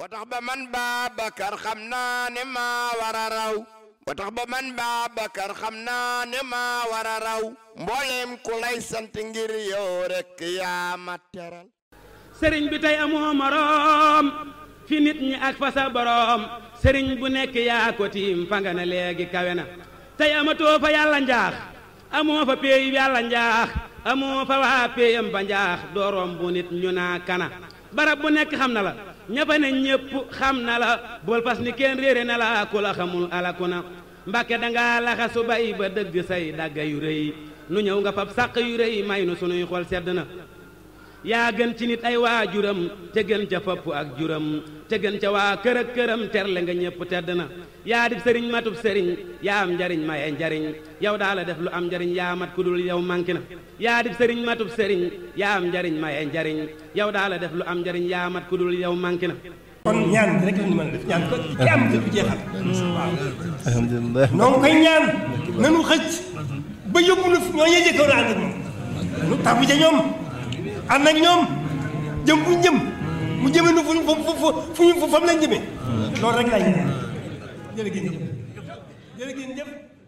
ba tax ba man baa Babacar xam naa ne maa war a raw ba tax ba man Babacar xam naa ne maa war a raw mbooleem ku lay sant ngir yow rek yaa teral sëriñ bi tey amoo moroom fi nit ñi ak fa sa sëriñ bu nekk yaa ko tiim fa nga ne léegi kawe na tey fa yàlla njaax amoo fa péey yàlla njaax amoo fa waa péeyam ba njaax doo romb nit ñu naa kana barab bu nekk xam na la ña fa ne ñépp xam na la bul fas ni kenn réere na la ku la xamul alaku na mbàkke dangaa laxasu bay ba dëgg say dàgga yu rëy nu ñëw nga fab sàq yu rëy may nu sunuy xol sedd na yaa gën ci nit ay waajuram te gën ca fopp ak juram te gën ca waa kër ak këram terle nga ñépp tedd na yaa di sëriñ matu sëriñ yaa am njariñ maye njariñ yow daa la def lu am njariñ yaa mat ku dul yow manki na yaa di sëriñ matub sëriñ yaa am njariñ maye njariñ yow daa la def lu am njariñ yaa mat ku dul yow manki na kon ñaan rek lañu a xëcc ba yóbbu na ñoo ñee jëkkoon ànd moom nu tabu ca ñoom ànd ak ñoom jëm fu ñu jëm mu jëme nu fu ñu fu ñu fu lañ jëme